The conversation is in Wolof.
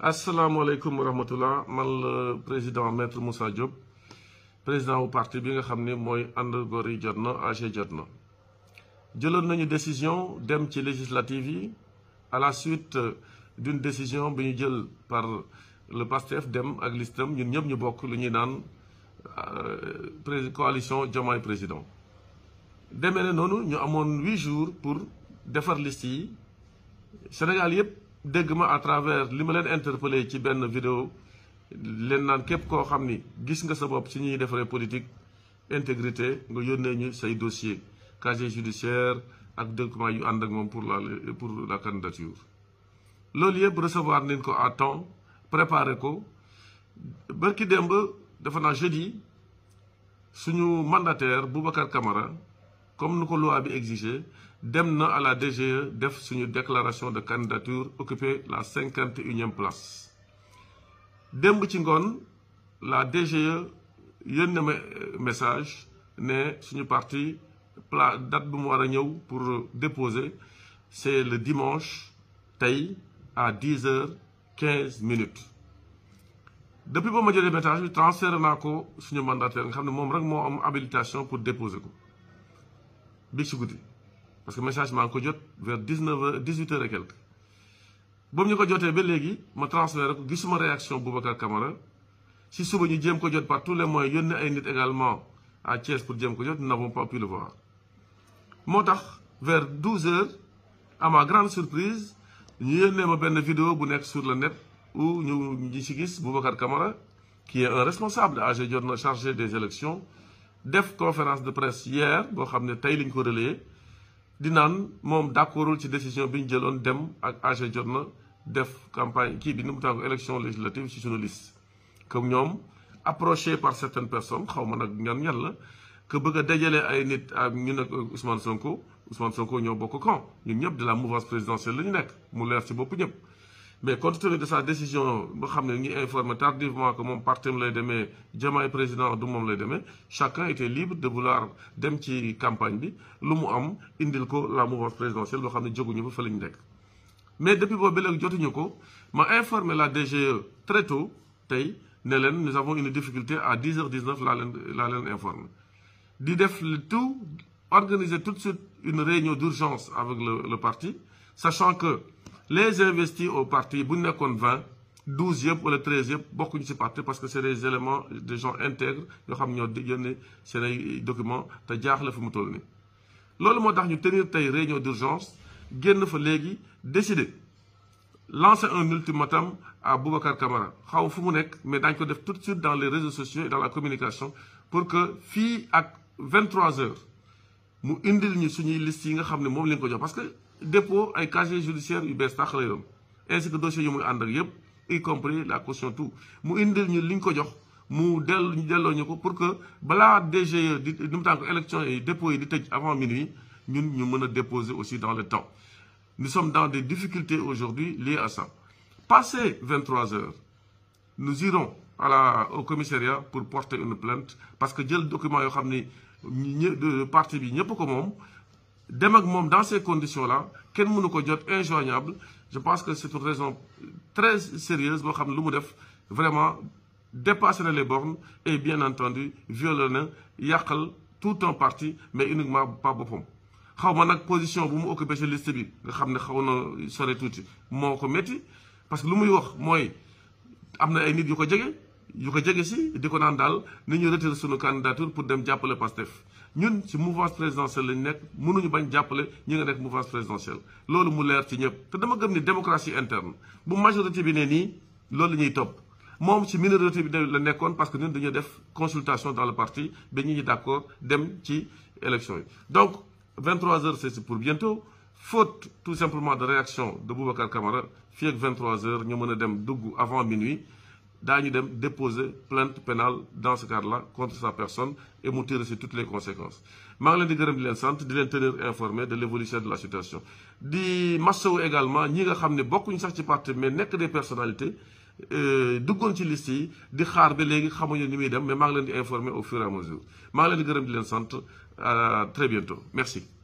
Assalamu alaikum wa rahmatullah suis le président maître Moussa Diop président du parti bi nga xam ne mooy ànd de yi jot na AG jot une décision dem ci législative à la suite euh, d'une décision bi ñu par le PASTEF dem ak listam ñun ñëpp ñu dans lu ñuy euh, coalition de président demain nous avons ñu huit jours pour defar liste yi Sénégal dégg ma à travers li interpellé ci vidéo gis nga politique intégrité nga say dossier casier judiciaire ak document yu ak pour la pour la candidature. loolu yeb recevoir à temps ko barki dafa jeudi suñu mandataire Boubacar Camara comme nous exigé dem na à la DGE def suñu déclaration de candidature occuper la 51e place dem ci ngone la DGE yenn euh, message né suñu parti date bu mo wara ñew pour déposer c'est le dimanche tay à 10h 15 depuis que je suis je transfère mon mandataire. Je suis habilitation pour déposer. Je suis parce que message m'a été ko vers 19, h 18h et quelque ba mu ñu ko jotee ba léegi ma transféré ko gisuma réaction Boubacar Camara si suba ñu jéem ko jot par tous les moyens a ay autre également à Thiès pour jéem ko nous n'avons pas pu le voir. moo vers 12h, à ma grande surprise nous avons ma une vidéo bu sur le net où nous avons vu Boubacar Camara qui est un responsable de chargé des élections une conférence de presse hier qui a été tey di nan mom d'accordul ci décision bi ñu jëloon dem ak AG jot na def campagne kii bi nu mu élection législative ci suñu liste comme ñom approché par certaines personnes xawma nak nag ñan ñan que bëgg a ay nit ak ñu Ousmane Sonko Ousmane Sonko ñoo bokk camp ñun ñëpp de la mouvance présidentielle la ñu nekk mu leer ci bop ñëpp mais compte tenu de sa décision ba avons informé tardivement que mon parti, lay demee président du chacun était libre de vouloir dem ci campagne bi lu mu am indil ko la mouvance présidentielle Nous avons ne jóguñu fa fa mais depuis que je jotuñu ko ma informé la DGE très tôt nous avons une difficulté à 10h19 la l'a laa informé di def tout tout de suite une réunion d'urgence avec le parti sachant que les investis au parti bu convaincu, 20 12 ou le 13 ne bokkuñu ci parti parce que c'est des éléments de gens intègres yoo xam ñoo yónnee c'est ay documents te jaaxle dit que toll nii. loolu Lorsque nous ñu tenu une réunion d'urgence génn fa décidé de lancer un ultimatum à Boubacar Camara xaw fu mu mais daañu ko def tout de suite dans les réseaux sociaux et dans la communication pour que à ak 23 h mu indil ñu suñuy liste yi nga parce que dépôt ay casier judiciaire yu bees ainsi que dossier yu y compris la caution tout mu indil ñu liñ ko jox mu del ñu pour que balaa DGE avons une élection dépôt avant minuit nous ñu déposer aussi dans le temps nous sommes dans des difficultés aujourd'hui liées à ça passé 23 heures nous irons à la au commissariat pour porter une plainte parce que jël document yo xamni de de parti bi ñep ko dans ces conditions là kenn mënu ko jot injoignable je pense que c'est une raison très sérieuse boo xam ne vraiment dépasser les bornes et bien entendu violer tout en partie, mais uniquement pas boppam. xaw ma nag position bu occuper occupé l'Est, liste bi nga xam je xaw na sore tuuti moo ko parce que lu muy wax mooy am na ay nit yu ko yu ko jege si nous avons retiré candidature pour dem le Pastef ñun ci mouvance présidentielle Nous nekk mënuñu bañ jàppale ñi nekk mouvance présidentielle loolu mu leer ci ñëpp dama gëm ni démocratie interne la majorité bi ne nii loolu la ñuy Moi, moom ci minorité bi la nekkoon parce que nous avons des consultation dans le parti nous sommes d'accord dem ci élection donc 23 h c'est pour bientôt faute tout simplement de réaction de Boubacar Camara fii 23 h nous mën a dem dugg avant minuit d'aller déposer plainte pénale dans ce cas là contre sa personne et mu tirer sur toutes les conséquences Je vous remercie di gërëm tenir informé de l'évolution de la situation di remercie également ñi nga que beaucoup de sax ci mais nekk des personnalités euh, duggoon ci liste yi di xaar ba ni mais maa ngi au fur et à mesure Je vous remercie. di très bientôt merci